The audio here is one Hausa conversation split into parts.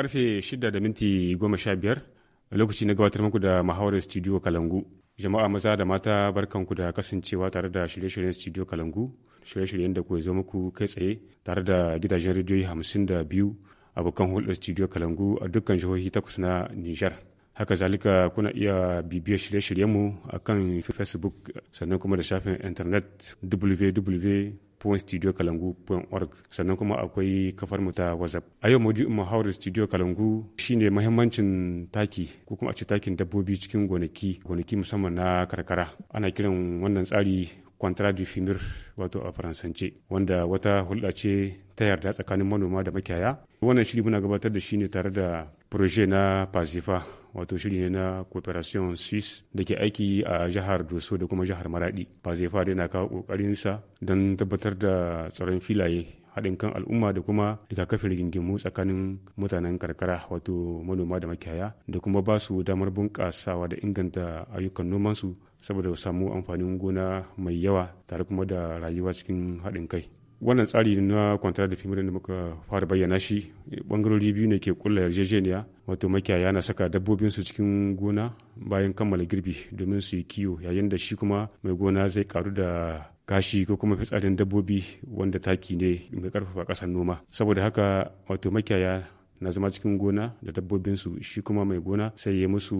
Karfe 6 da minti 15 lokaci na gabatar muku da mahawarar studio Kalangu. Jama'a maza da mata barkanku da kasancewa tare da shirye-shiryen studio Kalangu, shirye-shiryen da kuwa zo muku kai tsaye tare da gidajen hamsin rediyoyi biyu abokan hulɗar studio Kalangu a dukkan jihohi takwas na Nijar. haka zalika kuna iya bibiyar shirye-shiryenmu a kan facebook sannan kuma da shafin intanet www kalangu org sannan kuma akwai kafar mu ta whatsapp a yau maudu'in muhawarar studio kalangu shine mahimmancin taki ko kuma a ce takin dabbobi cikin gonaki gonaki musamman na karkara ana kiran wannan tsari contrat du fimir wato a faransance wanda wata hulɗa ce ta yarda tsakanin manoma da makiyaya wannan shiri muna gabatar da shi ne tare da proje na pasifa wato shiri ne na cooperation swiss da ke aiki a jihar doso da kuma jihar maradi ba zai fara yana kawo sa don tabbatar da tsaron filaye haɗin kan al'umma da kuma rigakafin rigingimu tsakanin mutanen karkara wato manoma da makiyaya da kuma ba su damar bunƙasawa da inganta ayyukan nomansu saboda samu amfanin gona mai yawa tare kuma da rayuwa cikin haɗin kai wannan tsari na kwantar da fimirin da muka fara bayyana shi bangarori biyu ne ke kulla yarjejeniya wato makiyaya na saka dabbobin su cikin gona bayan kammala girbi domin su yi kiwo yayin da shi kuma mai gona zai karu da gashi ko kuma fitsarin dabbobi wanda taki ne mai karfafa kasar noma saboda haka wato makiyaya na zama cikin gona da dabbobinsu shi kuma mai gona sai ya musu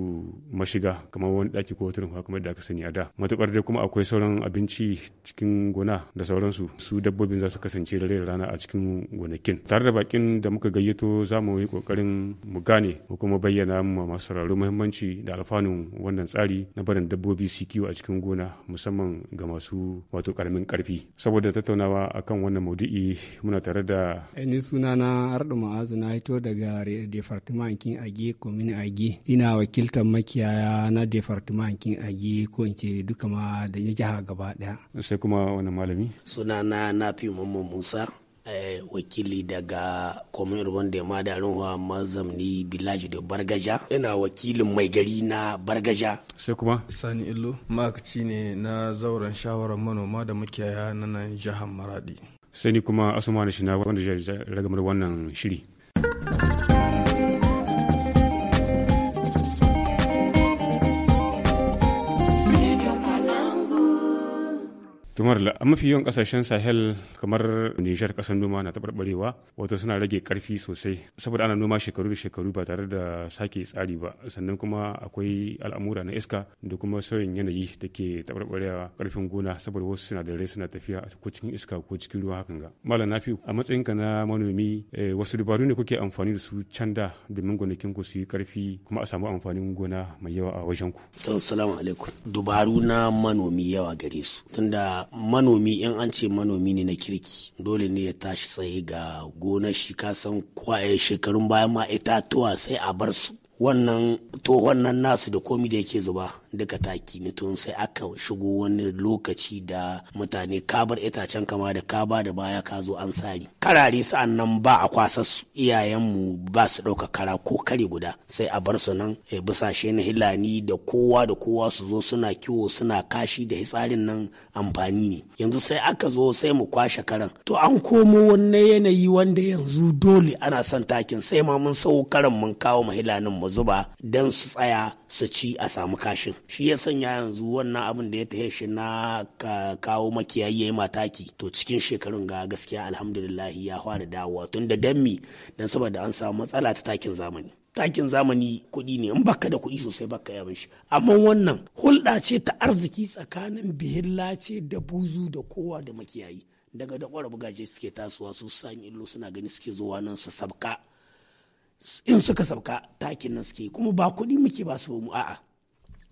mashiga kamar wani daki ko hotunan kamar da aka sani a da matukar dai kuma akwai sauran abinci cikin gona da sauransu su dabbobin za su kasance da rana a cikin gonakin tare da bakin da muka gayyato za mu yi kokarin mu gane ko kuma bayyana ma masu sauraro muhimmanci da alfanun wannan tsari na barin dabbobi su kiwo a cikin gona musamman ga masu wato karamin karfi saboda tattaunawa akan wannan maudu'i muna tare da eh, ni sunana ardu ma'azu na hito da daga department kin age komin age ina wakiltar makiyaya na department kin age ko in ce duka ma da ya jiha gaba daya sai kuma wani malami Suna na fi mamman musa eh, wakili daga komin urban da ma da runwa mazamni bilaji da bargaja ina wakilin mai gari na bargaja sai kuma sani Illu, makaci ne na zauren shawarar manoma da makiyaya na nan jihar maradi sani kuma asuma da shi na wanda ragamar wannan shiri Thank you. tumar a mafi yawan kasashen sahel kamar nijar kasan noma na taɓarɓarewa wato suna rage karfi sosai saboda ana noma shekaru da shekaru ba tare da sake tsari ba sannan kuma akwai al'amura na iska da kuma sauyin yanayi da ke taɓarɓarewa karfin gona saboda wasu sinadarai suna tafiya ko cikin iska ko cikin ruwa hakan ga malam fi a matsayinka na manomi eh, wasu dabaru ne kuke amfani da su can da domin gonakin ku su yi karfi kuma a samu amfanin gona mai yawa a wajen ku. assalamu alaikum dubaru na manomi yawa gare su tunda manomi in an ce manomi ne na kirki dole ne ya tashi tsaye ga gonar shi kasan kwaye shekarun bayan ma itatuwa sai a bar su wannan tohon nan nasu da komi da yake zuba duka taki ne tun sai aka shigo wani lokaci da mutane kabar itacen kama da kaba da baya ka zo an sari karare sa'an nan ba a kwasa su iyayenmu ba su ɗauka kara ko kare guda sai a bar su nan e, busashe na hilani da kowa da kowa su zo suna kiwo suna kashi da hitsarin nan amfani ne yanzu sai aka zo sai mu kwashe karan to an komo wani yanayi wanda yanzu dole ana son takin sai ma mun sau karan mun kawo mahilanin mu zuba don su tsaya su ci a samu kashin shi ya sanya yanzu wannan abin da ya tahe shi na kawo makiyayi yayi mataki to cikin shekarun ga gaskiya alhamdulillah ya fara dawowa tun da dammi dan saboda an samu matsala ta takin zamani takin zamani kuɗi ne in baka da kuɗi sosai baka yaban shi amma wannan hulɗa ce ta arziki tsakanin bihilla ce da buzu da kowa da makiyayi daga da ƙwara bugaje suke tasowa su san illo suna gani suke zuwa nan su sabka in suka sabka takin nan suke kuma ba kuɗi muke ba su mu a'a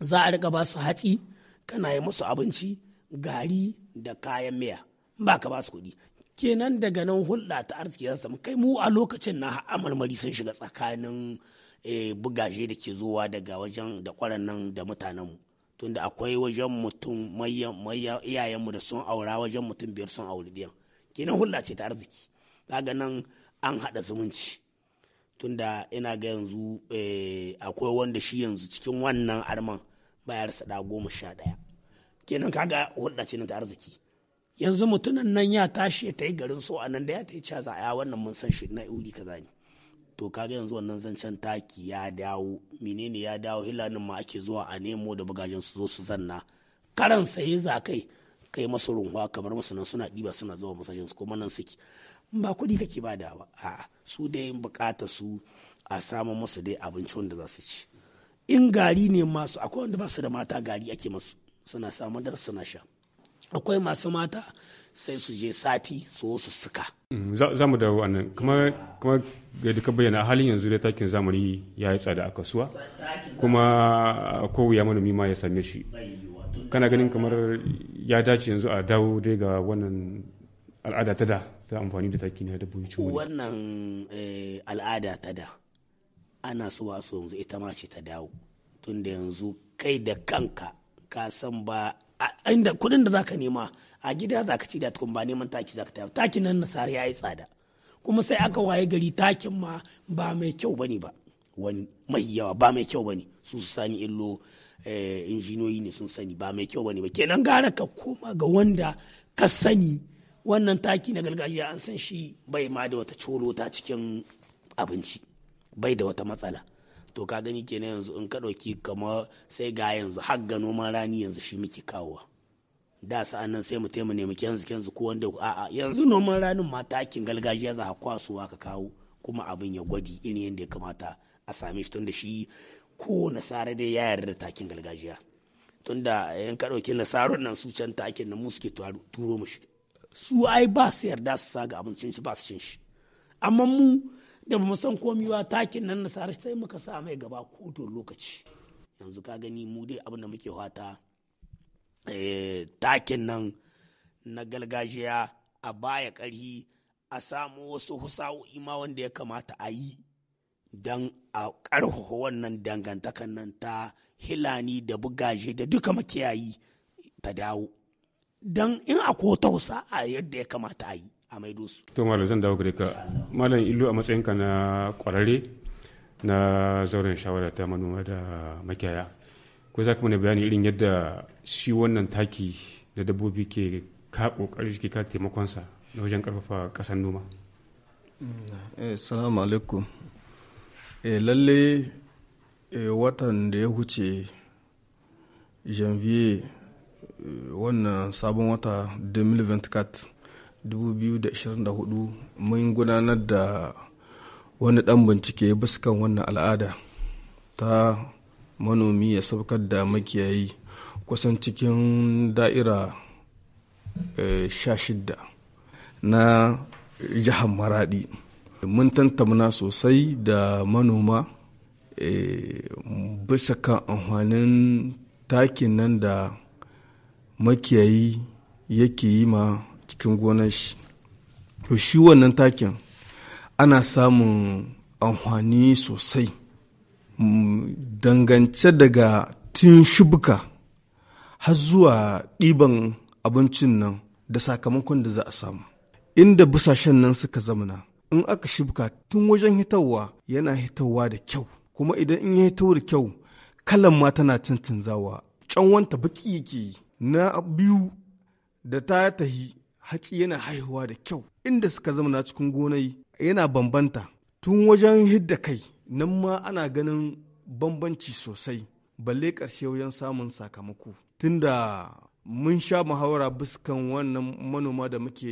za a riƙa ba su hatsi kana yi musu abinci gari da kayan miya ba ka ba su kuɗi kenan daga nan hulɗa ta arziki za samu kai mu a lokacin na amarmari sun shiga tsakanin eh, bugaje da ke zuwa daga wajen da kwaran nan da mutanenmu tunda akwai wajen mutum iyayenmu da sun aura wajen mutum biyar sun auri biyan kenan hulɗa ce ta arziki kaga nan an haɗa zumunci tunda ina ga yanzu eh, akwai wanda shi yanzu cikin wannan arman bayar sada goma sha daya. kenan kaga hulɗa ce ta arziki yanzu mutumin nan ya tashi ya ta yi garin so a nan da ya ta yi caza a wannan mun san shi na uri kaza ne to kaga yanzu wannan zancen taki ya dawo menene ya dawo hilanin ma ake zuwa a nemo da bagajen su zo su zanna karan saye za kai kai masu runwa kamar masu nan suna ɗiba suna zuwa masashin su kuma nan suke ba kuɗi kake bada ba a su dai bukata su a samu musu dai abinci wanda za su ci in gari ne masu akwai wanda ba su da mata gari ake masu suna samu dar suna sha akwai masu mata sai su je sati su su suka mm, za mu dawo anan kuma kuma ga ka bayyana halin yanzu da takin zamani ya yi tsada a kasuwa kuma ko ya manomi ma ya same shi kana ganin kamar ya dace yanzu a dawo dai ga wannan al'ada ta da ta amfani da taki na dabbobi wani. wannan eh, al'ada ta da ana so a so yanzu ita ma ce ta dawo tunda yanzu kai da kanka ka san ba inda kudin da zaka nema a gida za ka ci da tukun ba neman taki za zaka tafi takin nan nasara ya yi tsada kuma sai aka waye gari takin ma ba mai kyau bane ba wani mai yawa ba mai kyau bane su sani illo eh, injiniyoyi ne sun sani ba mai kyau bane ba kenan gara ka koma ga wanda ka sani wannan taki na gargajiya an san shi bai ma da wata coro ta cikin abinci bai da wata matsala to ka gani kenan yanzu in ka ɗauki kamar sai ga yanzu har ga noman rani yanzu shi muke kawowa da sa'an nan sai mu taimu mu yanzu yanzu ko wanda a'a yanzu noman ranin ma takin gargajiya za a kwasuwa ka kawo kuma abin ya gwadi irin yadda ya kamata a same shi tunda shi ko nasara dai ya yarda da takin gargajiya tunda yan ka ɗauki nasarar nan su can takin na mu turo mu shi. su ai ba su yarda su sa ga abincin su ba su cin shi amma mu da ba san komi ba takin nan na sarar sai muka sa mai gaba ko don lokaci yanzu ka gani mu dai abin da muke fata eh, takin nan na galgajiya a baya karhi a samu wasu husa'o'i ima wanda ya kamata a yi don a ƙarfafa wannan dangantakan nan ta hilani da bugaje da duka makiyayi ta dawo don in a ko tausa a yadda ya kamata a yi a maido su. To Malam zan dawo gare ka. Malam a matsayinka na kwarare na zauren shawara ta manoma da makiyaya. Ko za ka mana bayani irin yadda shi wannan taki da dabbobi ke ka kokari ke ka taimakonsa na wajen karfafa kasan noma. Eh, salamu alaikum. Eh, lalle eh, watan da ya huce janvier Eh, wannan sabon wata 2024 mun gudanar da wani dan bincike buskan wannan al'ada ta manomi ya saukar da makiyayi kusan cikin da'ira eh, sha shidda na jihar maradi mun tantamna sosai da manoma eh, bisa kan amfanin takin nan da makiyayi yake yi ma cikin gonar shi to shi wannan takin ana samun amfani sosai mm, dangance daga tun shubuka har zuwa ɗiban abincin nan da sakamakon da za a samu inda busashen nan suka zamana in aka shubuka tun wajen hitawa yana hitawa da kyau kuma idan in ya hito da kyau kalan ma tana cancanzawa canwanta baki yake yi na biyu da ta tahi hatsi yana haihuwa da kyau inda suka zama cikin gonai yana bambanta tun wajen hidda kai nan ma ana ganin bambanci sosai balle ƙarshe wajen samun sakamako tunda mun sha muhawara buskan wannan manoma da muke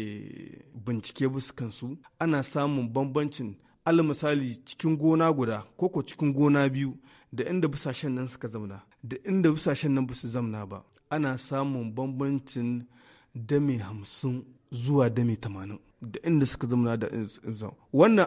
bincike buskan su ana samun bambancin misali cikin gona guda koko cikin gona biyu da inda busashen nan suka zamna da inda busashen nan su zamna ba ana samun bambancin dami hamsin zuwa dami tamanin da inda suka zama da wannan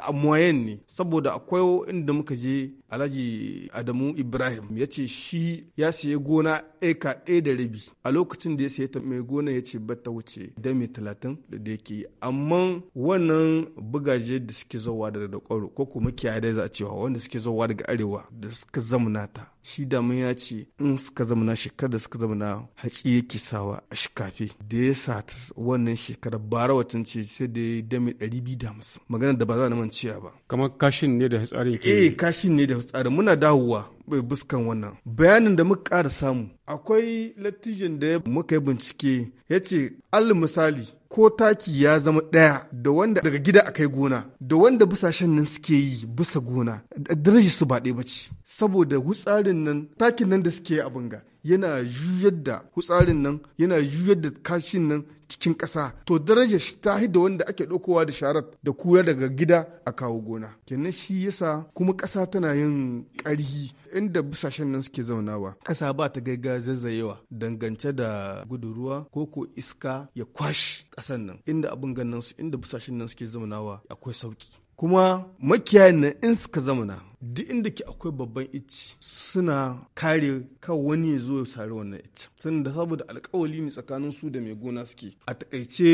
a moyen ne saboda akwai inda muka je alhaji adamu ibrahim ya ce shi ya saye gona eka ɗaya da rabi a lokacin da ya saye ta mai gona ya ce bata wuce da mai talatin da yake amma wannan bugaje da suke zowa da da kwaro ko kuma kiyaye za a cewa wanda suke zowa daga arewa da suka zamana ta shi damun ya ce in suka zamana shekara da suka zamana hatsi yake sawa a shikafe da ya sa wannan shekara bara watan ce sai da ya da hamsin. magana da ba za na ciya ba kamar kashin ne da hatsarin ke eh kashin ne da hatsarin muna dawowa bai buskan wannan bayanin da muka ƙara samu akwai latijin da muka yi bincike ya ce al misali ko taki ya zama ɗaya da wanda daga gida akai gona da wanda busashen nan suke yi bisa gona darajar su ba ɗaya ba ce saboda wutsarin nan takin nan da suke yi a banga yana juyar da kutsarin nan yana juyar da kashin nan cikin ƙasa to daraja ta da wanda ake ɗaukowa da sharat da kura daga gida a kawo gona kenan shi yasa kuma ƙasa tana yin ƙarhi inda busashen nan suke zaunawa ƙasa ba ta gaiga zazzayewa dangance da gudu ruwa ko ko iska ya kwashi ƙasan nan inda abin ganin su inda busashen nan suke zaunawa akwai sauki kuma makiyayin nan in suka zamana duk inda ke akwai babban ici suna kare kan wani ya zo ya sari wannan ici sun da saboda alkawali ne tsakanin su da mai gona suke a takaice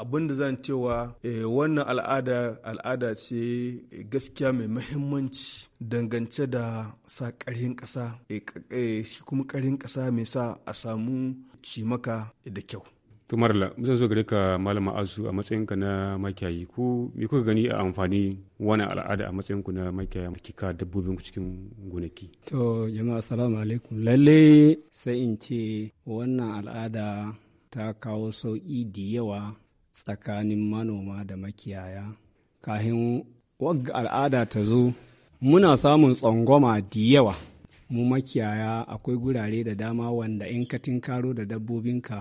abin da zan cewa eh, wannan al'ada al'ada ce gaskiya mai mahimmanci dangance da sa ƙarhin ƙasa eh, eh, shi kuma ƙarhin ƙasa mai sa a samu cimaka da kyau tumarla zan zo gare ka malama asu a matsayinka na makiyayi ko me kuka gani a amfani wani al'ada a matsayinku na makiyaya kika dabbobin cikin gonaki to jama'a assalamu alaikum lalle sai in ce wannan al'ada ta kawo sauƙi da yawa tsakanin manoma da makiyaya kahin wagga al'ada ta zo muna samun tsangwama da yawa mu makiyaya akwai gurare da dama wanda in ka tinkaro da dabbobinka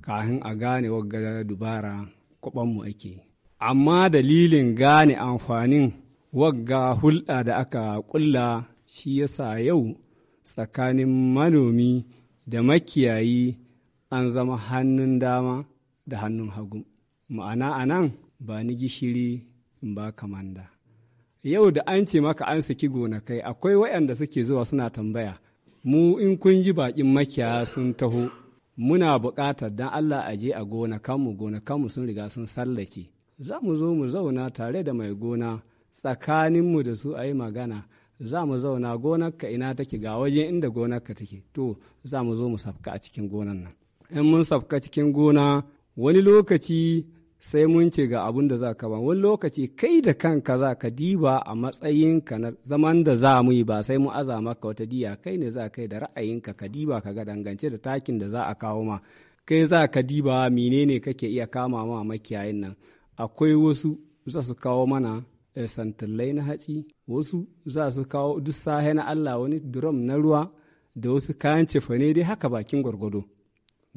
kafin a gane wagga dubara kwabanmu ake amma dalilin gane amfanin wagga hulɗa da aka ƙulla shi yasa yau tsakanin manomi da makiyayi an zama hannun dama da hannun hagu ma'ana anan, nan ba ni gishiri ba kamanda yau da an ce maka an saki gonakai akwai waɗanda suke zuwa suna tambaya mu in kun ji baƙin makiyaya sun taho muna buƙatar dan Allah a je a gonakanmu gonakanmu sun riga sun sallace za mu zo mu zauna tare da mai gona tsakaninmu da su a yi magana za mu zauna gonarka ina take ga wajen inda gonarka take to za mu zo mu safka a cikin gonan nan in mun safka cikin gona wani lokaci sai mun ce ga abin da za ka ba wani lokaci kai da kanka za ka diba a matsayin ka na zaman da za mu yi ba sai mu aza maka wata diya kai ne za kai da ra'ayinka ka diba ka ga dangance da takin da za a kawo ma kai za ka diba menene kake iya kama ma makiyayin nan akwai wasu za su kawo mana eh, santillai na hatsi wasu za su kawo duk sahe na Allah wani drum na ruwa da wasu kayan cefane dai haka bakin gwargwado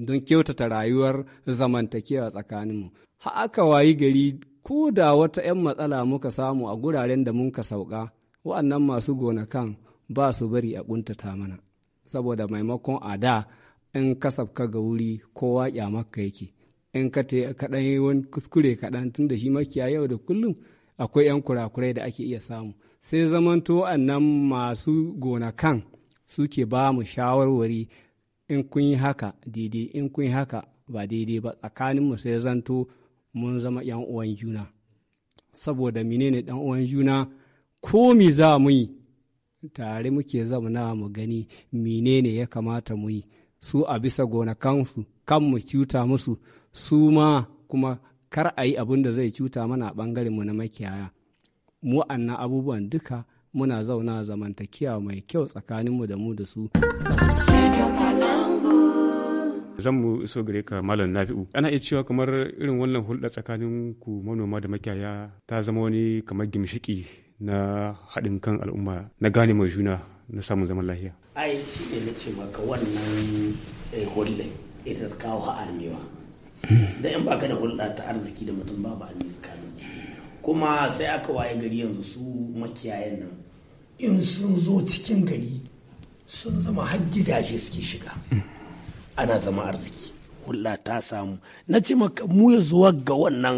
don kyautata rayuwar zamantakewa tsakaninmu. Haka wayi gari ko da wata 'yan matsala muka samu a guraren da muka sauka, wa'annan masu gonakan ba su bari a ƙuntata mana, saboda maimakon a da in kasafka ga wuri kowa maka yake. In ka kaɗan yi wani kuskure kaɗan tun da shi makiya yau da kullum akwai 'yan kurakurai da ake iya samu. Sai zamanto wa'annan masu gonakan suke ba mu shawarwari in kun yi haka daidai in kun yi haka ba daidai ba tsakanin mu sai zanto mun zama yan uwan juna saboda menene dan uwan juna ko mi za mu yi tare muke na mu gani menene ya kamata mu yi su a bisa gonakansu kan mu cuta musu su ma kuma kar a yi abin da zai cuta mana a bangaren mu na makiyaya mu annan abubuwan duka muna zauna zamantakewa mai kyau tsakaninmu da mu da su. zan mu iso gare ka malam nafi'u ana iya cewa kamar irin wannan hulɗa tsakanin ku manoma da makiyaya ta zama wani kamar gimshiki na haɗin kan al'umma na gane mai juna na samun zaman lafiya ai shi ne na ce maka wannan eh, hulɗa ita kawo armewa da in baka da hulɗa ta arziki da mutum babu armewa tsakanin kuma sai aka waye gari yanzu su makiyayan nan in sun zo cikin gari sun zama har gidaje suke shiga ana zama arziki hulɗa ta samu na ce maka mu ya zuwa ga wannan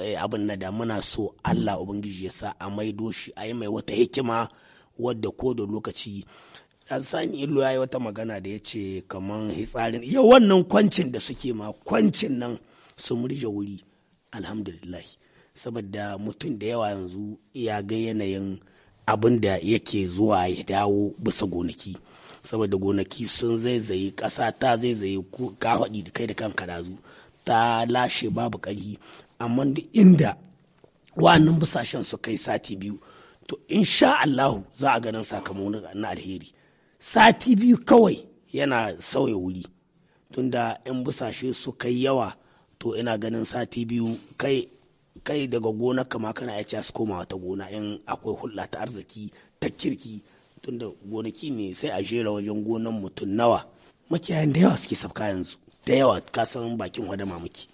eh, abin na da muna so Allah ubangiji ya sa a maido shi a yi mai wata hikima wadda ko da lokaci sani ilo ya yi wata magana da ya ce kaman hitsarin yawannan wannan kwancin da suke ma kwancin nan su murje wuri alhamdulillah saboda mutum da yawa yanzu ya ga yanayin abin da yake zuwa ya dawo bisa gonaki saboda gonaki sun zaizaye ƙasa ta zaizaye ka haɗi da kai da kanka dazu ta lashe babu ƙarfi amma duk inda wa'annan busashen su kai sati biyu to insha Allahu za a ganin sakamakon na alheri sati biyu kawai yana sauya wuri tunda in busashe su kai yawa to ina ganin sati biyu kai kai daga gona kama kana ya su koma wata gona in akwai hulɗa ta arziki ta kirki tunda gonaki ne sai a jera wajen gonan mutum nawa makiyayan da yawa suke sabka yanzu da yawa kasan bakin wadama muke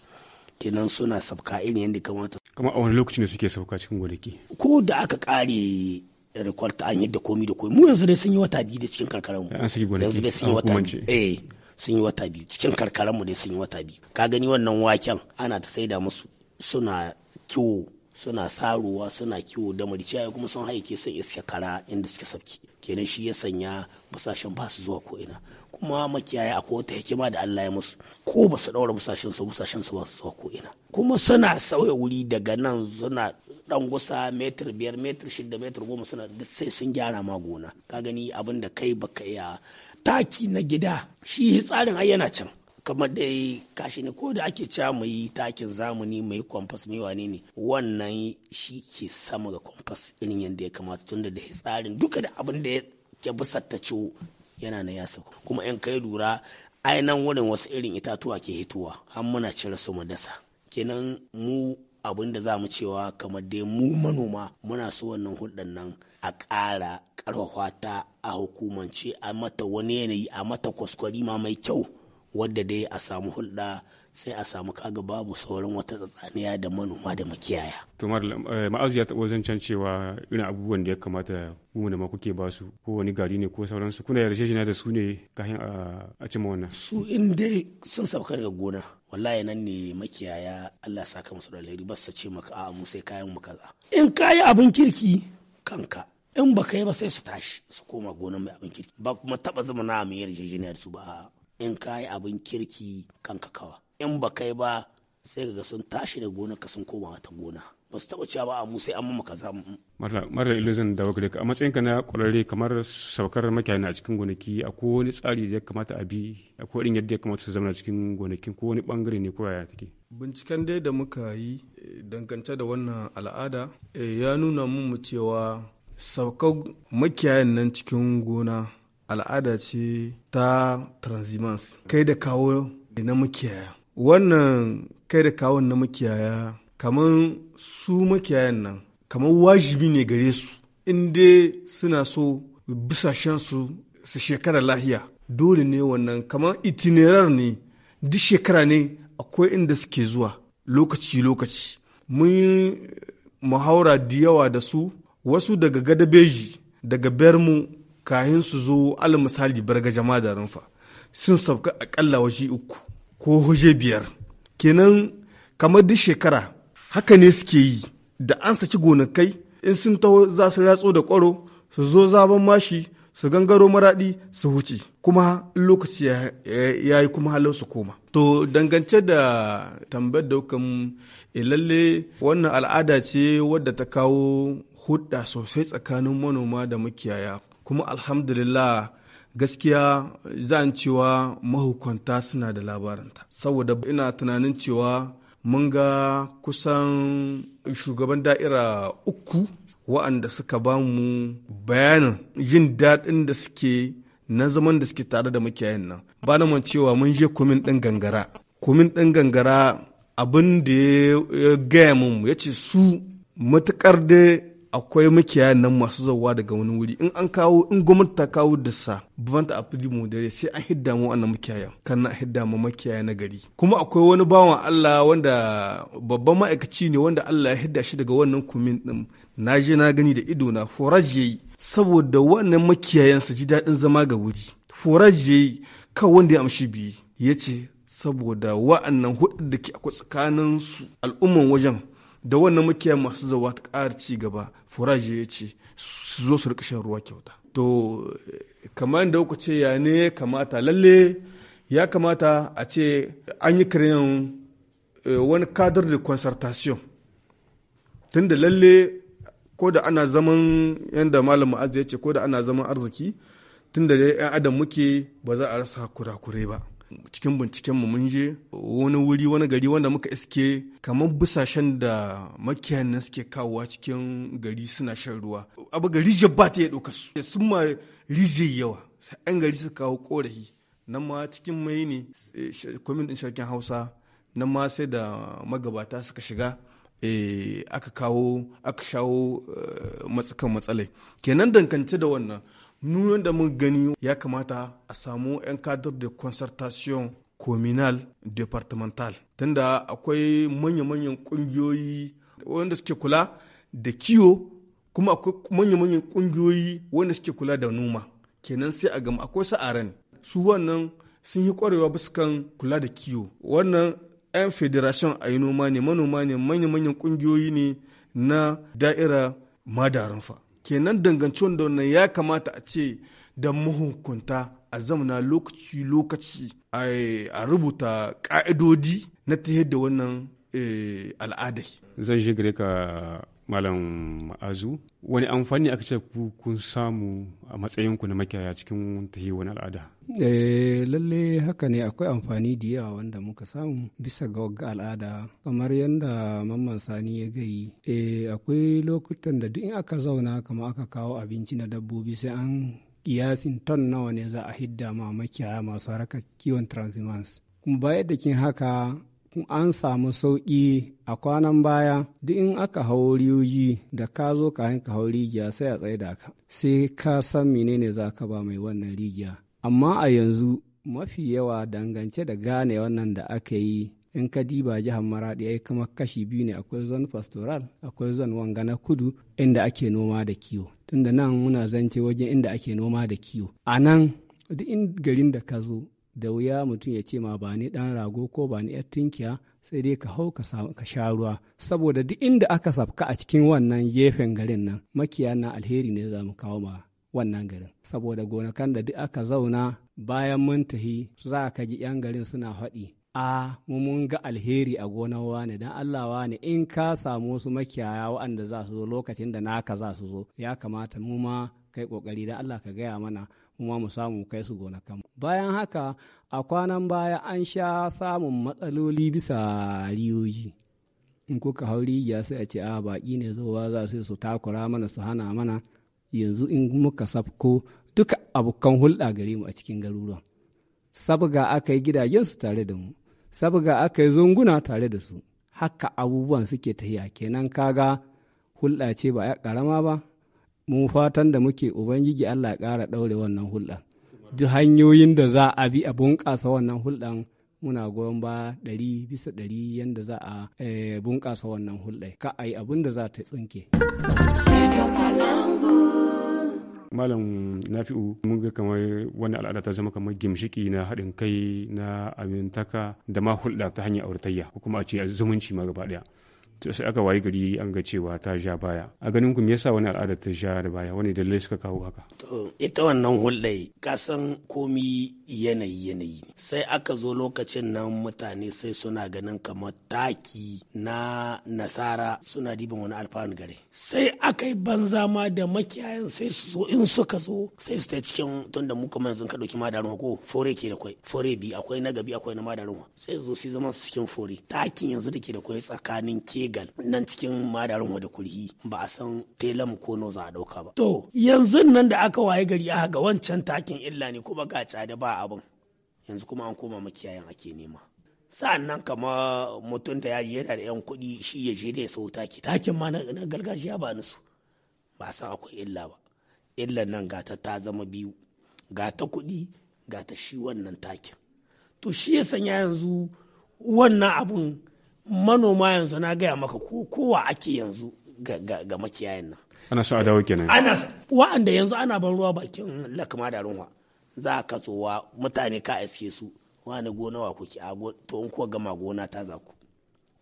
kenan suna sabka irin yadda kamata kamar a wani lokaci ne suke sabka cikin gonaki ko da aka kare rikwarta an yadda komi da komi mu yanzu dai sun yi wata biyu da cikin karkarar mu yanzu dai sun yi wata biyu eh sun yi wata biyu cikin karkarar mu dai sun yi wata biyu ka gani wannan waken ana ta saida musu suna kiwo suna saruwa suna kiwo da mariciya kuma sun haike sun iska kara inda suke sabki kenan shi ya sanya busashen ba su zuwa ko ina kuma makiyaya akwai wata hikima da Allah ya musu ko ba su daura busashen su busashen su ba su zuwa ko ina kuma suna sauya wuri daga nan suna dan gusa metir biyar metir shida metir goma suna duk sai sun gyara ma gona ka gani abin da kai baka iya taki na gida shi tsarin ai yana can kamar dai kashi ne ko da ake cewa mu takin zamani mai yi kwamfas mu wane ne wannan shi ke sama ga kwamfas irin yadda ya kamata tun da da tsarin duka da abin da ya bisa ta ciwo yana na ya sauka kuma in kai lura ainihin wurin wasu irin itatuwa ke hitowa har muna cire su mu dasa kenan mu abin da za mu cewa kamar dai mu manoma muna so wannan hudun nan a ƙara ƙarfafa ta a hukumance a mata wani yanayi a mata kwaskwari ma mai kyau wadda dai a samu hulɗa sai a samu kaga babu sauran wata tsatsaniya da manoma da makiyaya. Tumar eh, ma'azu ya taɓa zancen cewa ina abubuwan da ya kamata mu ma kuke ba su ko wani gari ne ko sauransu kuna yarda shi da su ne kafin a cima wannan. Su in dai sun sauka daga gona wallahi nan ne makiyaya Allah sa ka musu da alheri ba su ce maka a'a mu sai kayan mu kaza. In ka yi abin kirki kanka in ba ka yi ba sai su tashi su koma gonan mai abin kirki ba kuma taɓa zama na mu yarjejeniya da su ba in ka yi abin kirki kanka kawa in ba kai ba sai ga sun tashi da gona ka sun koma ta gona ba su taɓa cewa ba a musai an maka mu Mara ilizan da wakare a matsayin ka na kwararre kamar saukar makiyaya a cikin gonaki a wani tsari da ya kamata a bi a kowane yadda ya kamata su zama cikin gonakin ko wani bangare ne ko yaya take. Binciken dai da muka yi eh, dangance da wannan al'ada eh, ya nuna mu cewa saukar makiyayan nan cikin gona al'ada ce ta transhumans. kai da kawo na makiyaya wannan kai da kawo na makiyaya kamar su makiyayan nan kamar wajibi ne gare su in dai suna so bisashen su shekara lahiya dole ne wannan kamar itinerar ne duk shekara ne akwai inda suke zuwa lokaci-lokaci mun yi muhaura da yawa da su wasu daga gadabeji daga bermu kahin su zo al misali barga jama da rumfa sun sauka akalla waje uku ko huje biyar kenan kamar duk shekara haka ne suke yi da an saki gonakai in sun taho za su ratso da kwaro su zo zaben mashi su gangaro maraɗi su huce kuma lokaci ya yi kuma halar su koma to dangance da tambayar da hukum eh, lalle wannan al'ada ce wadda ta kawo hudda sosai tsakanin manoma da makiyaya kuma alhamdulillah gaskiya zan cewa mahukunta suna da labarinta saboda ina tunanin cewa mun ga kusan shugaban da'ira uku wa'anda suka ba mu bayanin jin daɗin da suke na zaman da suke tare da makiyayin nan ba na cewa mun je kumin ɗin gangara kumin ɗin gangara abin da ya gaya mun ya ce su matuƙar da akwai makiyayan nan masu zauwa daga wani wuri in an kawo in gwamnati ta kawo dasa banta a fidi mu dare sai an hidda mu wannan makiyaya kan a hidda mu makiyaya na gari kuma akwai wani bawan Allah wanda babban ma'aikaci ne wanda Allah ya hidda shi daga wannan kumin din na je na gani da ido na foraj saboda wannan makiyayan su ji daɗin zama ga wuri foraj yayi kan wanda ya amshi biyi yace saboda wa'annan hudu da ke akwai tsakanin su al'umman wajen da wannan muke masu zawa ta ƙara ci gaba furaje ya ce su zo su rika shan ruwa kyauta to kamar da ku ce ya ne kamata lalle ya kamata a ce an yi kiran eh, wani kadar da concertation da lalle ko da ana zaman yadda malam ma'az ya ce ko da ana zaman arziki tun da 'yan adam muke ba za a rasa kurakurai ba cikin mu mun je wani wuri wani gari wanda muka iske kamar busashen da makiyan nan suke kawowa cikin gari suna shan ruwa abu gari rijiyar ba ta ya ɗauka su sun ma rije yawa yan gari suka kawo korafi nan ma cikin mai ne eh, komin din sarkin hausa nan ma sai da magabata suka shiga eh, aka kawo aka shawo eh, matsakan matsalai kenan dangance da wannan nunan da mun gani ya kamata a samu 'yan kadar da concertation communal departmental tunda akwai manya-manyan ƙungiyoyi wanda suke kula da kiwo kuma akwai manya-manyan ƙungiyoyi wanda suke kula da noma kenan sai a gama akwai sa'aran su wannan sun yi kwarewa kan kula da kiwo wannan 'yan federation a yi noma ne manoma ne manya-manyan ƙungiyoyi ne na da'ira fa kenan dangancewan da wannan ya kamata a ce da mahukunta a zamana lokaci-lokaci eh, a rubuta ƙa'idodi na ta da wannan eh, al'adai. Zan shi gare ka malam ma'azu wani amfani aka ce ku kun samu a matsayinku na makiyaya cikin tahi wani al'ada eh lalle haka ne akwai amfani da yawa wanda muka samu bisa ga wagga al'ada kamar yadda mamman sani ya gayi eh akwai lokutan da duk in aka zauna kamar aka kawo abinci na dabbobi sai an kiyasin ton nawa ne za a hidda ma makiyaya masu harkar kiwon transimans? kuma bayan da kin haka an samu sauƙi a kwanan baya duk in aka hau riyoyi da ka zo kayan ka hau rigiya sai a tsaye da ka sai ka san menene za ka ba mai wannan rigiya amma a yanzu mafi yawa dangance da gane wannan da aka yi in ka diba jihar maradi ai kuma kashi biyu ne akwai zon pastoral akwai zon wanga na kudu inda ake noma da kiwo tunda nan muna zance wajen inda ake noma da kiwo a nan duk in garin da ka zo da wuya mutum ya ce ma ba ni ɗan rago ko ba ni 'yar tinkiya sai dai ka hau ka sha ruwa saboda duk inda aka safka a cikin wannan gefen garin nan makiya na alheri ne za mu kawo ma wannan garin saboda gonakan da duk aka zauna bayan mun tahi za ka ji 'yan garin suna faɗi, a mun ga alheri a gonar wani don Allah wani in ka samu wasu makiyaya waɗanda za su zo lokacin da naka za su zo ya kamata mu ma kai kokari dan Allah ka gaya mana kuma mu samu kai su gonakan bayan haka a kwanan baya an sha samun matsaloli bisa riyoyi in kuka hau ya sai a ce a ah, baƙi ne zuwa za su su takura mana su hana mana yanzu in muka sabko duka abokan hulɗa gare mu a cikin garuruwan sabga aka yi gidajensu tare da mu sabga aka yi zunguna tare da su haka abubuwan suke tahiya kenan kaga hulɗa ce ba ya ƙarama ba mu fatan da muke ubangiji Allah ƙara ɗaure wannan hulɗan duk hanyoyin da za a bi a bunƙasa wannan hulɗan muna goyon ba ɗari bisa ɗari yadda za a eh, bunƙasa wannan hulɗai ka a yi abin da za ta tsinke. malam nafi'u mun ga kamar wani al'ada ta zama kamar gimshiki na haɗin kai na amintaka da ma hulɗa ta hanyar auratayya ko kuma a ce zumunci ma gaba ɗaya to sai aka waye gari an ga cewa ta ja baya a ganin ku me yasa wani al'ada ta ja da baya wani dalilai suka kawo haka to ita wannan hulɗai san komi yanayi yanayi sai aka zo lokacin nan mutane sai suna ganin kamar taki na nasara suna diban wani alfanu gare sai aka yi banza ma da makiyayan sai su zo in suka zo sai su ta cikin tunda mu kuma sun ka dauki madarin ko fore ke da kwai fore bi akwai na gabi akwai na madarin sai su zo su zama cikin fore takin yanzu da ke da kwai tsakanin ke senegal nan cikin madarin da kurhi ba a san telam ko no za a ɗauka ba to yanzu nan da aka waye gari aka ga wancan takin illa ne kuma ga da ba abin yanzu kuma an koma makiyayan ake nema sa'an nan kama mutum da ya yana da yan kuɗi shi ya je da ya sau taki takin ma na gargajiya ba nisu ba san akwai illa ba illa nan gata ta zama biyu gata kuɗi gata shi wannan takin to shi ya sanya yanzu wannan abun manoma yanzu na gaya maka ko kowa ake yanzu ga makiyayin nan ana sa adawa kenan ana wa'anda yanzu ana ban ruwa bakin lakma da runwa za ka tsowa mutane ka iske su wani gona wa kuke a to in kuwa gama gona ta za ku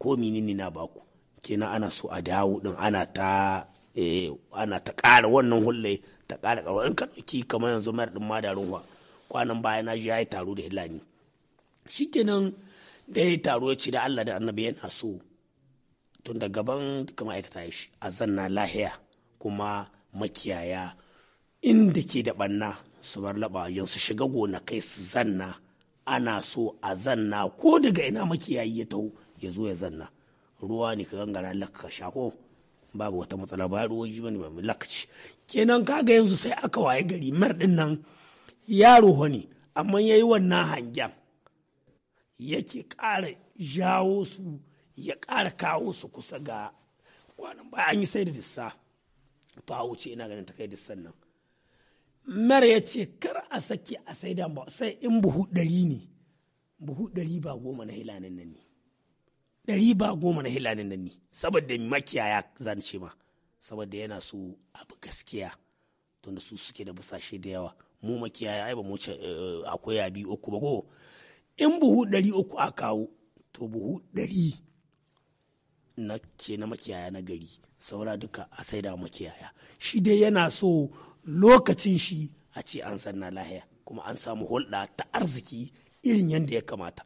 ko menene na ba ku kenan ana so a dawo din ana ta eh, ana ta ƙara wannan hulle ta ƙara ƙawa in ka ɗauki kamar yanzu mayar ɗin da kwanan baya na ji ya yi taro da hilani shikenan da ya taro ya ce da Allah da annabi yana so tun da gaban duka ma'aikata ya shi a zanna lahiya kuma makiyaya inda ke da banna su bar laba yanzu shiga gona kai su zanna ana so a zanna ko daga ina makiyayi ya taho ya zo ya zanna ruwa ne ka gangara lakka shako babu wata matsala ba ruwa ji bane ba lakaci kenan kaga yanzu sai aka waye gari mar din nan yaro ne amma yayi wannan hangen yake ƙara jawo su ya kara kawo su kusa ga kwanan baya an yi sai da dissa fa wuce ina ganin ta kai dissan nan mara ya ce kar a saki a sai da ba sai in buhu ɗari ne buhu ɗari ba goma na hilanin nan ne ɗari ba goma na hilanin nan ne saboda makiyaya zan ce ma saboda yana so abu gaskiya tunda su suke da busashe da yawa mu makiyaya ai ba mu eh, eh, akwai abi uku ba ko in buhu ɗari uku a kawo to buhu ɗari na ke na makiyaya na gari saura duka a saida makiyaya shi dai yana so lokacin shi a ce an san na lahiya kuma an samu hulɗa ta arziki irin yadda ya kamata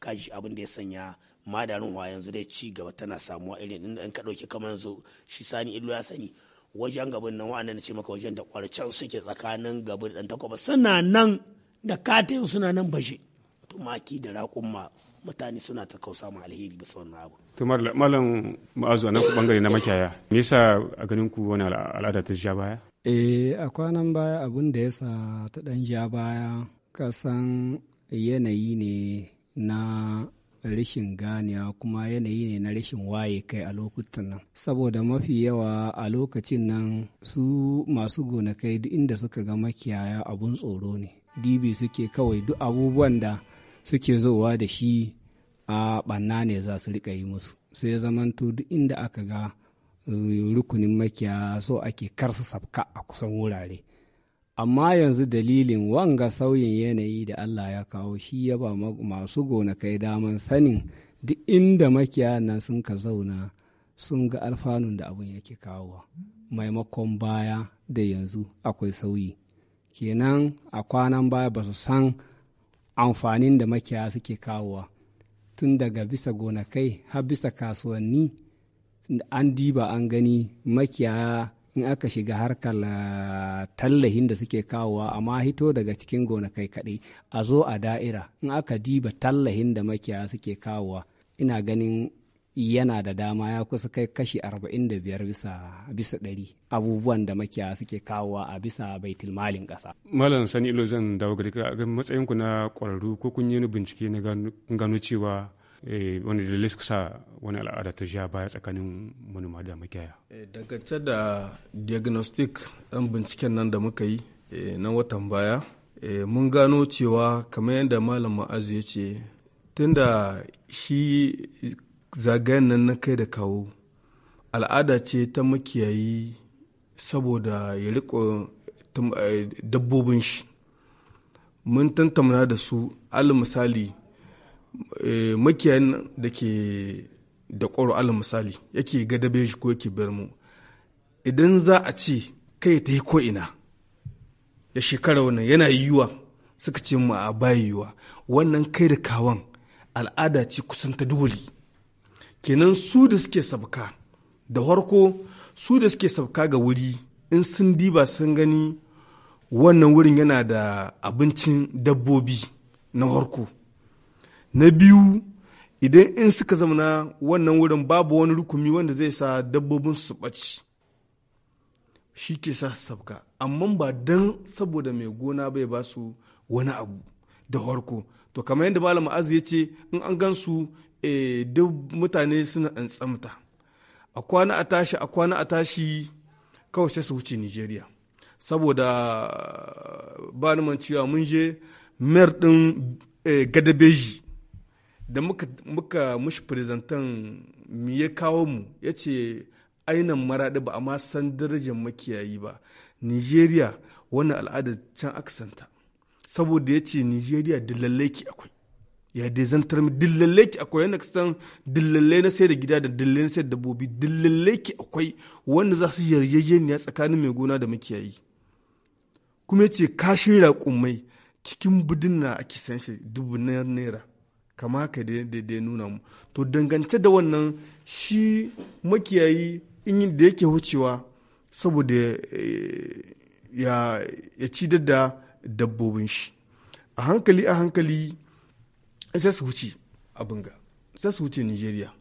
kaji abin da ya sanya madarin wa yanzu dai ci gaba tana samuwa irin inda in ka ɗauki kamar yanzu shi sani illo ya sani wajen gabin nan wa'anda na ce maka wajen da kwarcen suke tsakanin gabin ɗan takwaba suna nan da katayin suna nan baje tumaki da raƙumma mutane suna ta kausa mu alheri da sauran abu. Tumar malam ma'azu a nan bangare na makiyaya me yasa a ganin ku wani al'ada ta ja baya? Eh a kwanan baya abun da ya sa ta dan ja baya kasan yanayi ne na rashin ganiya kuma yanayi ne na rashin waye kai a lokutan nan saboda mafi yawa a lokacin nan su masu gonakai duk inda suka ga makiyaya abun tsoro ne dibi suke kawai duk abubuwan da suke zowa da shi a ɓanna ne za su riƙa yi musu sai zamanto duk inda aka ga eh, rukunin makiya so ake karsa sabka a kusan wurare amma yanzu dalilin wanga sauyin yanayi da Allah ya kawo shi ya ba masu gona kai daman sanin duk inda makiya na sun ka zauna sun ga alfanun da abin yake kawo maimakon baya da yanzu akwai sauyi kenan a kwanan baya ba su san amfanin da makiyaya suke kawowa tun daga bisa gonakai har bisa kasuwanni an diba an gani makiyaya in aka shiga harkar ah, tallahin da suke kawowa amma hito daga cikin gonakai kaɗai a zo a da'ira in aka diba tallahin da makiyaya suke kawowa ina ganin yana da dama ya kusa kai kashi 45 bisa bisa ɗari abubuwan da makiya suke kawowa a bisa baitul malin ƙasa. Malam Sani Ilo zan dawo gari ga matsayinku na kwararru ko kun yi bincike na gano cewa eh, wani da suka kusa wani al'ada ta sha baya tsakanin manoma da makiyaya. Eh, ce da diagnostic ɗan binciken nan da muka yi eh, na watan baya, mun gano cewa kamar yadda malam ma'azu ya ce, tunda shi zagayen nan na kai da kawo al'ada ce ta makiyayi saboda ya riko eh, dabbobin shi mun tantamna da su alal misali eh, makiyayin da ke da ƙoro alal misali yake gadabe shi ko yake mu idan za a ce kai ta yi ko'ina ya shekara wannan yana yiwuwa suka ce mu a bayi yiwuwa wannan kai da kawan al'ada ce kusan ta dole kenan su da suke sabka da harko su da suke sabka ga wuri in sun diba sun gani wannan wurin yana da abincin dabbobi na harko na biyu idan in suka zamana wannan wurin babu wani rukumi wanda zai sa dabbobin su ɓaci shi ke sa sabka amma ba don saboda mai gona bai ba su wani abu da harko to kamar yadda malam ma'azi ya ce in an gansu e, duk mutane suna tsamta a kwana a tashi a kwana a tashi kawai sai su wuce nigeria saboda eh, ba ni cewa mun je mer din e, eh, gadabeji da muka, muka mushi firizantan mu ya kawo mu ya ce ainihin maraɗi ba a ma san darajar makiyayi ba nigeria wani al'adar can aksanta saboda ya ce nigeria da lallaki akwai ya dai zantar dillalle ki akwai yadda san dillalle na sai da gida da dillalle na sai da dabbobi dillalle ki akwai wanda za su yarjejeniya tsakanin mai gona da makiyayi kuma ya ce kashin raƙumai cikin budin na ake san shi dubunar naira kama haka da ya nuna mu to dangance da wannan shi makiyayi in da yake wucewa saboda eh, ya ci da dabbobin shi a hankali a hankali sai su wuce abin ga sai su wuce nigeria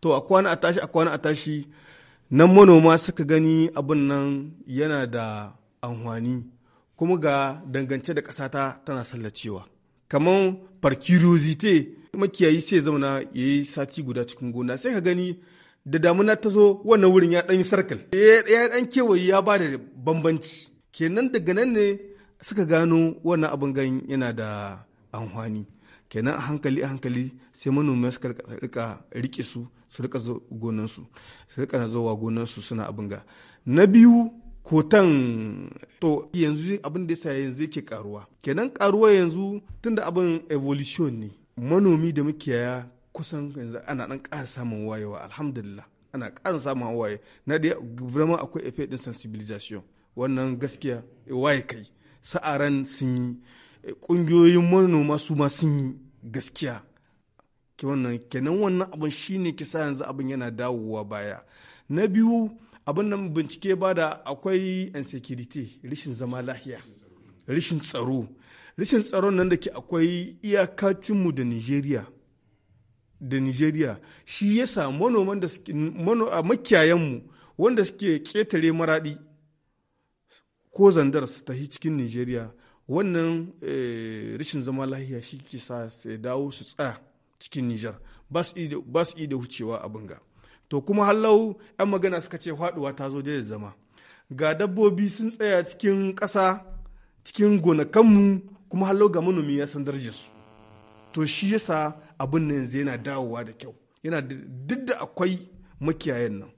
to a kwana a tashi a kwana a tashi nan manoma suka gani abin nan yana da amfani kuma ga dangance da ƙasata tana sallacewa kamar parkirozite makiyayi sai zauna ya yi sati guda cikin gona sai ka gani da damuna ta zo wannan wurin ya ɗan yi sarkal ya ɗan kewaye ya ba da bambanci kenan daga nan ne suka gano wannan abin gan yana da amfani kenan a hankali hankali sai manoma su rika rike su su rika gonan su su rika zuwa gonan su suna abin ga na biyu kotan to yanzu abin da yasa yanzu yake karuwa kenan karuwa yanzu tunda abin evolution ne manomi da ya kusan yanzu ana dan ƙara samun wayewa alhamdulillah ana ƙara samun waye na da vraiment akwai effect din sensibilisation wannan gaskiya waye kai sa'aran sun yi ƙungiyoyin manoma su ma sun yi gaskiya wannan kenan wannan abin shine kisa yanzu abin yana dawowa baya na biyu abin nan bincike ba da akwai insecurity rishin zama lahiya rishin tsaro rishin tsaro nan da ke akwai iyakacinmu da nigeria da nigeria shi yasa manoman da suke makiyayanmu wanda suke ketare maradi ko zandar su tafi cikin nigeria wannan eh, rashin zama lahiya shi ke sa sai dawo su tsaya cikin nijar ba su da wucewa a banga to kuma hallau 'yan magana suka ce faduwa ta zo da zama ga dabbobi sun tsaya cikin ƙasa cikin gonakanmu kuma hallau ga manomi ya san darajarsu to shi yasa abin nan yanzu yana dawowa da kyau yana duk da akwai makiyayen nan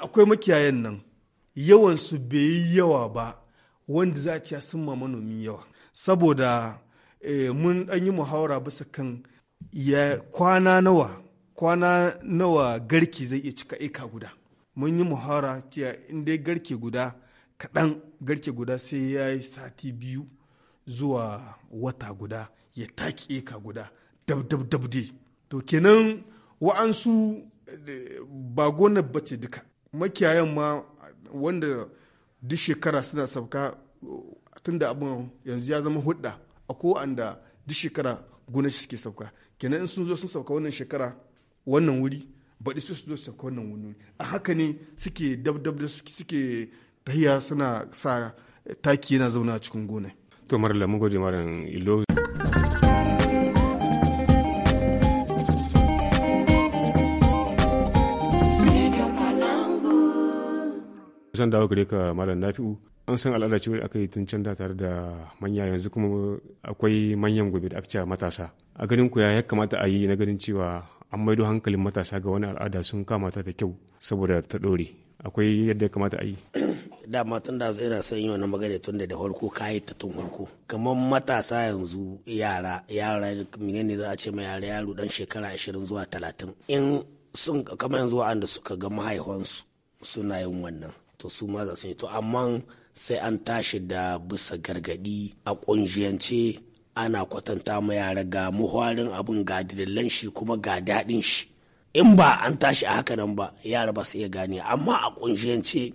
akwai makiyayen nan yawan su bai yi yawa ba wanda za a ciya sun ma manomin yawa saboda eh, mun dan yi muhawara bisa kan ya kwana nawa kwana nawa garki zai iya cika eka guda mun yi muhawara cewa in dai garke guda kaɗan garke guda sai ya yi sati biyu zuwa wata guda ya taki eka guda dab dab dab dai to kenan wa'ansu eh, ba gona bace duka makiyayan ma wanda duk shekara suna sauka da abin yanzu ya zama hudda a ko'anda duk shekara gonar shi suke sauka kenan in sun zo sun sauka wannan shekara wannan wuri baɗi su zo su sauka wannan wuri a haka ne suke dab da suke tahiya suna sa eh, taki yana zauna a cikin gona. to mara lamu gode maran ilo zan dawo gare ka malam nafi'u an san al'ada ce aka yi tun can tare da manya yanzu kuma akwai manyan gobe da aka matasa a ganin ku ya kamata a yi na ganin cewa an maido hankalin matasa ga wani al'ada sun kama ta da kyau saboda ta dore akwai yadda ya kamata a yi da tun da zai son yi wani magana tun da da farko kayi ta tun farko kamar matasa yanzu yara yara ne za a ce ma yara yaro dan shekara ashirin zuwa 30 in sun kama yanzu wa'anda suka ga mahaifansu suna yin wannan to su ma za su to amma sai an tashi da bisa gargadi a ƙunjiyance ana kwatanta ma yara ga muhwarin abin ga dalilan shi kuma ga daɗin shi in ba an tashi a haka nan ba yara ba su iya gane amma a ƙungiyance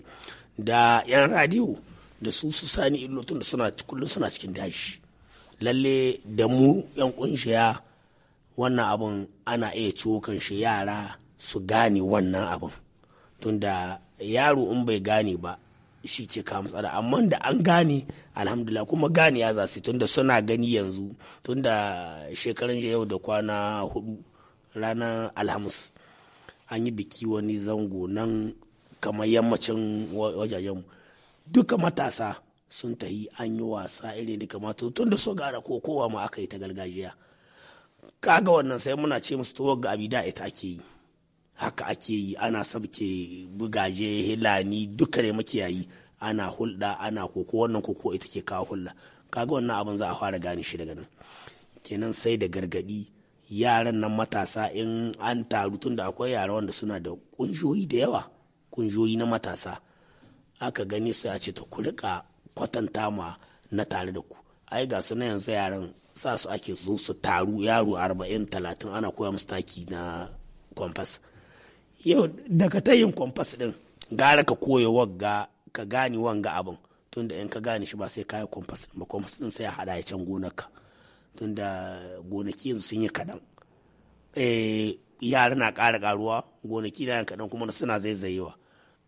da 'yan radiyo da su su sani illotun da suna kullum suna cikin dashi lalle da mu 'yan kungiya wannan abin ana iya ciwo kan shi yara su gane wannan abin tunda yaro in bai gane ba shi ce ka matsala amma da an gane alhamdulillah kuma gane ya zasu tunda suna gani yanzu tunda shekaran yau da kwana hudu ranar alhamis an yi biki wani zango nan kamar yammacin wajajen duka matasa sun tahi an yi wasa irin da kamata tun da so gara ko kowa ma aka yi ta gargajiya kaga wannan sai muna ce musu to ga abida ita ake yi haka ake yi ana sabke bugaje hilani duka ne makiyayi ana hulɗa ana koko wannan koko ita ke kawo hulɗa kaga wannan abin za a fara gane shi daga nan kenan sai da gargadi yaran nan matasa in an taru tun da akwai yara wanda suna da kunjoyi da yawa kunjoyi na matasa aka gani sai a ce ta ku kwatanta ma na tare da ku ai ga su na yanzu yaran sa su ake zo su taru yaro arba'in talatin ana koya musu taki na kwamfas yau daga ta yin kwamfas din gara ka koya wagga ka gane wanga abin tunda in ka gane shi ba sai kayi kwamfas din ba kwamfas din sai ya hada ya can gonarka tunda gonaki yanzu sun yi kaɗan eh, yara na kara karuwa gonaki na kadan kuma suna zaizayewa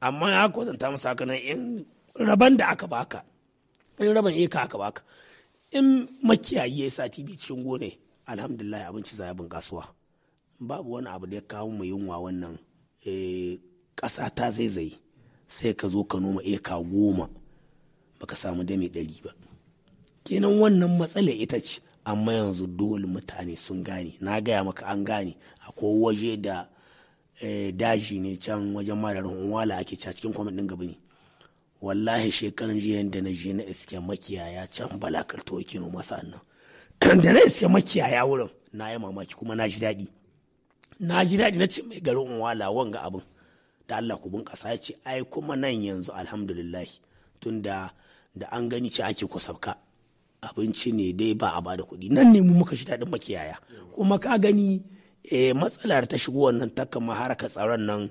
amma ya kwatanta masa haka nan in raban da aka baka in raban eka aka baka in makiyayi ya sati biyu cikin gone alhamdulillah abinci za ya bunkasuwa babu wani abu da ya kawo mu yunwa wannan Eh, ƙasa ta zaizaye sai ka zo ka noma eka goma baka samu dame ɗari ba kenan wannan matsala ita ce amma yanzu dole mutane sun gane na gaya maka an gane akwai waje da eh, daji ne can wajen mararin wala ake ca cikin kwamit ɗin gaba ne wallahi shekaran jiya da na je na iske makiyaya can balakar to yake noma sa'an nan da na iske makiyaya wurin na yi mamaki kuma na ji daɗi na ji daɗi na ce mai garin unwala wanga abin da Allah ku bunƙasa ya ce ai kuma nan yanzu alhamdulillah tun da da an gani ci ake sabka abinci ne dai ba a ba da kuɗi nan ne mu muka shi daɗin makiyaya kuma ka gani eh, matsalar ta shigo wannan kama harkar tsaron nan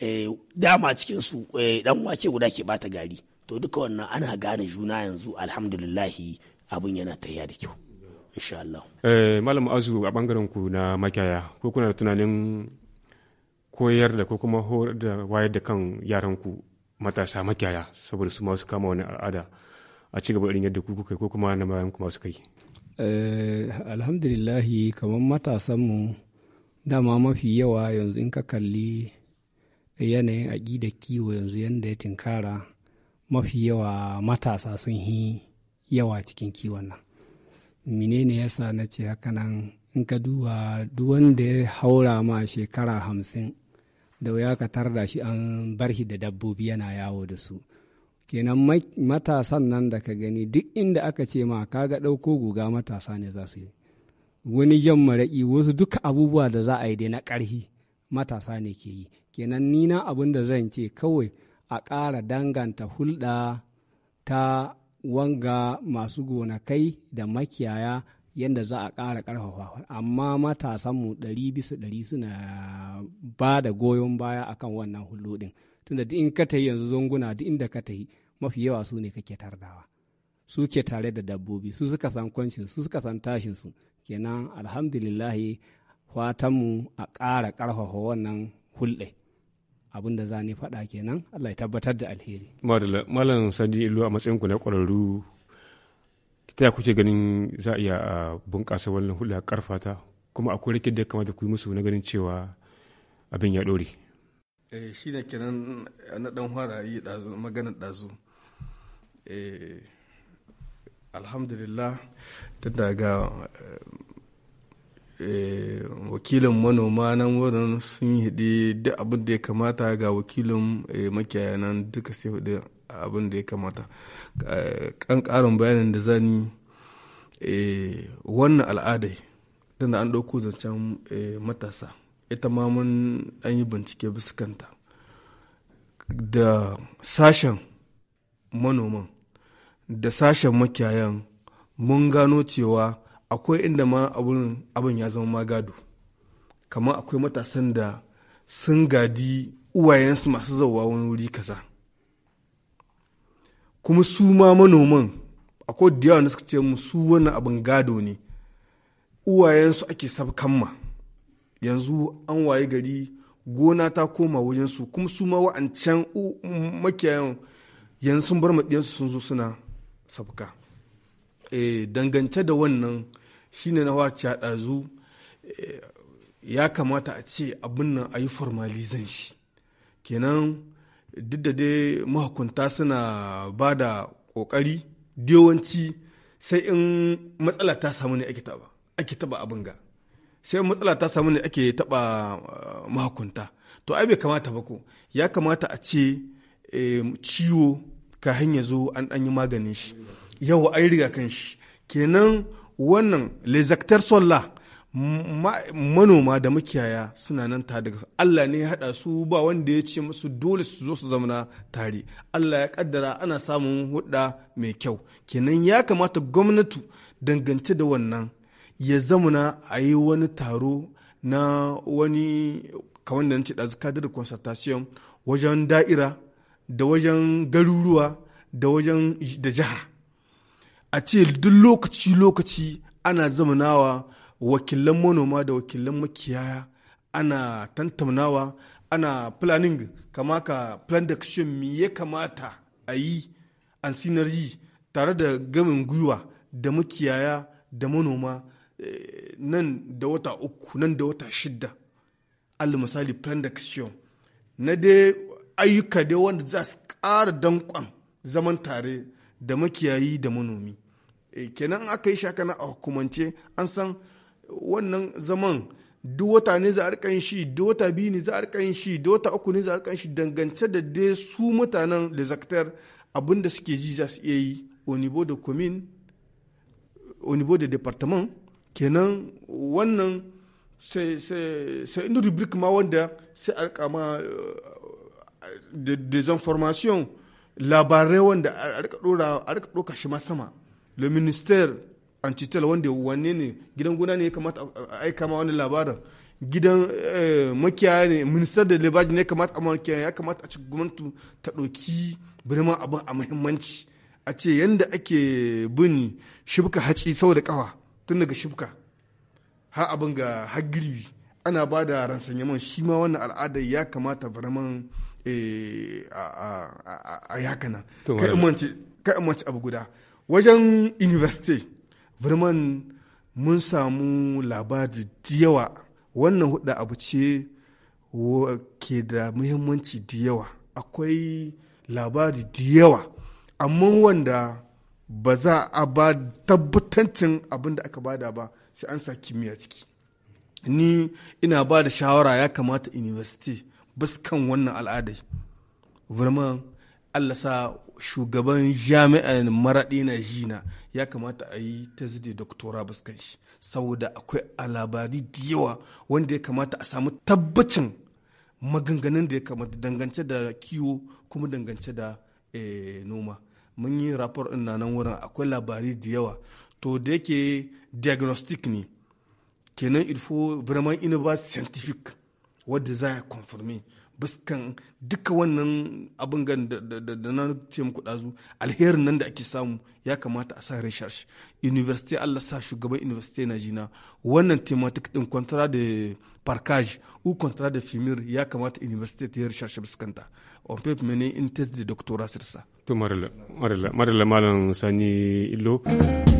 eh, dama cikin su dan eh, wake guda ke bata gari to duka wannan ana gane juna yanzu alhamdulillahi abin yana tayya da kyau insha Allah eh, malam azu a bangaren ku na makiyaya ko kuna da tunanin koyar da ko kuma horar da wayar da kan yaran ku matasa makiyaya saboda su ma kama wani al'ada a ci gaba irin yadda ku kai ko kuma na bayan ku masu kai eh, alhamdulillahi kamar matasanmu dama mafi yawa yanzu in ka kalli yanayin aƙidar kiwo yanzu yadda ya tinkara mafi yawa matasa sun yi yawa cikin kiwon nan menene yasa na ce haka nan in ka duba duk wanda ya haura ma shekara hamsin da wuya ka tarda shi an bar shi da dabbobi yana yawo da su kenan matasan nan da ka gani duk inda aka ce ma ka ga ɗauko guga matasa ne za su yi wani yan maraƙi wasu duka abubuwa da za a yi dai na ƙarhi matasa ne ke yi kenan nina abun abin da zan ce kawai a ƙara danganta hulɗa ta wanga masu gonakai da makiyaya yadda za a ƙara ƙarfafa amma matasanmu ɗari bisa ɗari suna ba da goyon baya akan wannan hulɗoɗin tunda duk in ka yanzu zunguna duk inda ka tafi mafi yawa su ne kake tardawa su ke tare da dabbobi su suka san kwancin su suka san tashin su kenan alhamdulillahi fatanmu a ƙara ƙarfafa wannan hulɗai abin da za ni faɗa kenan Allah ya tabbatar da alheri. Malam Sadi Ilu a matsayin ku na ƙwararru ta kuke ganin za a iya bunƙasa wannan hulɗa ƙarfata kuma akwai rikin da kamata ku yi musu na ganin cewa abin ya ɗore. Eh, shi ne kenan na ɗan fara yi magana ɗazu. Eh, alhamdulillah tun daga eh, Eh, wakilin manoma nan wurin sun hidi duk abin da ya kamata ga wakilin eh, makiyaya nan duka sai hudu abin da ya kamata eh, kan karin bayanin da zani wannan al'adai tana an ɗauko zancen matasa ita ma mun an yi bincike biskanta da sashen manoman da sashen makiyayan mun gano cewa akwai inda ma abin ya zama ma gado kamar akwai matasan da sun gadi uwayensu masu zauwa wani wuri kaza kuma su ma manoman akwai da yawa suka ce su wannan abin gado ne uwayensu ake ma yanzu an waye gari gona ta koma wajensu kuma su ma wa'ancan makiyayan yanzu sun bar maɗiyansu sun zo suna sabka e, dangance da wannan shine na wace ɗazu eh, ya kamata a ce abin nan a yi formalizan shi kenan duk da dai mahukunta suna ba da ƙoƙari yawanci sai in matsala ta samu ne ake taba ake taɓa abin ga sai matsala ta samu ne ake taɓa eh, mahukunta to ai bai kamata ba ko ya kamata a ce ciwo ka hanya zo an ɗanyi maganin shi yau yi riga kan shi kenan wannan lezaktar sallah manoma da makiyaya suna nan ta daga Allah ne ya haɗa su ba wanda ya ce musu dole su zo su zamana tare Allah ya ƙaddara ana samun hudda mai kyau kenan ya kamata gwamnati dangance da wannan ya zamana a yi wani taro na wani kamar da nace da ɗazu da consultation wajen da'ira da wajen garuruwa da wajen da jiha a ce duk lokaci-lokaci ana zamanawa wakilan manoma da wakilan makiyaya ana tantamnawa ana planning kama ka plan d'action me ya kamata a yi an sinarji tare da gamin gwiwa da makiyaya da manoma eh, nan da wata uku nan da wata shidda allah misali plan d'action na dai ayyuka dai wanda za su ƙara danƙon zaman tare da makiyayi da manomi Eh, kenan aka yi shakana a hukumance an san wannan zaman duk wata ne za a rika yin shi duk wata biyu ne za a rika yin shi duk wata uku ne za a rika yin shi dangance da dai su mutanen da zaktar abin da suke ji za su iya yi onibo da komin onibo da departement kenan wannan sai sai inda rubrik ma wanda sai a rika ma eh, des informations labarai wanda a rika ɗora shi ma sama le ministère en titel wanda wanne ne gidan gona ne ya kamata a aika ma wani labarin gidan eh, makiyaya ne minister da lebaji ne kamata a makiyaya ya kamata a ci gwamnati ta ɗauki birma abin a muhimmanci a ce yanda ake bin shibka haci sau da kawa tun daga shibka ha abin ga hagiri ana ba da ransanyaman shi ma wannan al'ada ya kamata birman eh, a yakana kai mace abu guda wajen university birman mun samu labari da yawa wannan hudu abu ce ke da muhimmanci da yawa akwai labari da yawa amma wanda ba za a ba tabbatancin abin da aka bada ba sai an sa kimiyya ciki ni ina ba da shawara ya kamata university kan wannan al'adai vraiment allah sa shugaban jami'an maraɗi na jina ya kamata a yi tazidi doktora baskan shi saboda akwai alabari da yawa wanda ya kamata a samu tabbacin maganganun da ya kamata dangance da kiwo kuma dangance da eh, noma mun yi rapor ɗin nan wurin akwai labari da yawa to da yake diagnostic ne kenan il faut vraiment une base scientifique wadda za a confirmer baskan duka wannan abin gan da na ce muku ɗazu alherin nan da ake samu ya kamata a sa research university allah sa shugaban university na jina wannan tematik din kwantara da parkage u kwantara da fimir ya kamata university ta yi research biskanta on pep mene in test da doctora sirsa to marala malam sani illo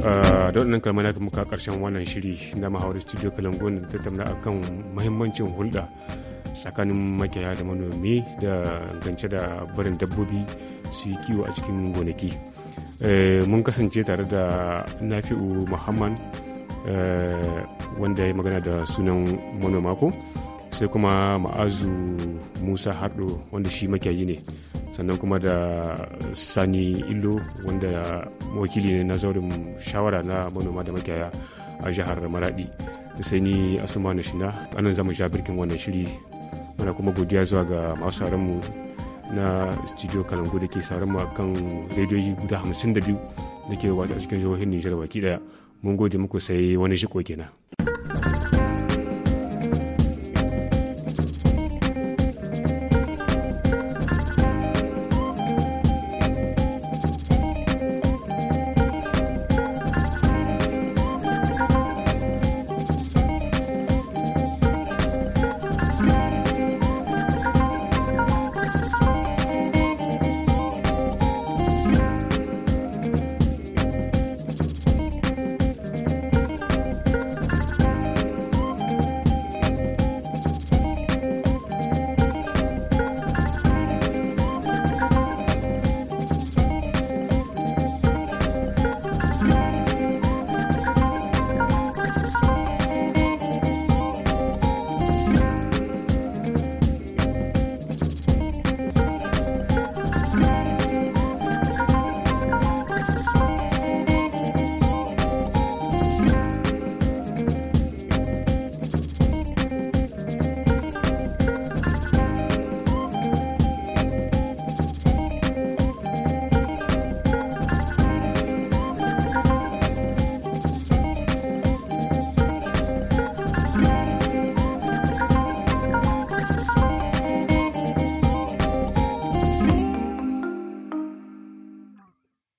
ah, da wannan kalma na muka karshen wannan shiri na mahaurin studio kalangon da tamna akan muhimmancin hulɗa tsakanin makiyaya da manomi da gance da barin dabbobi su yi kiwo a cikin gonaki eh, mun kasance tare da nafi'u muhammad eh, wanda ya magana da sunan manoma ko sai kuma ma'azu musa hardo wanda shi makiyayi ne sannan kuma da sani illo wanda wakili ne na zaurin shawara na manoma da makiyaya a jihar maradi sai ni asuma na shina anan zamu sha birkin wannan shiri muna kuma godiya zuwa ga masu mu na studio kalangu da ke sauran mu kan rediyoyi guda hamsin da biyu da ke watsa cikin jihohin nijar baki daya mun gode muku sai wani shiko kenan.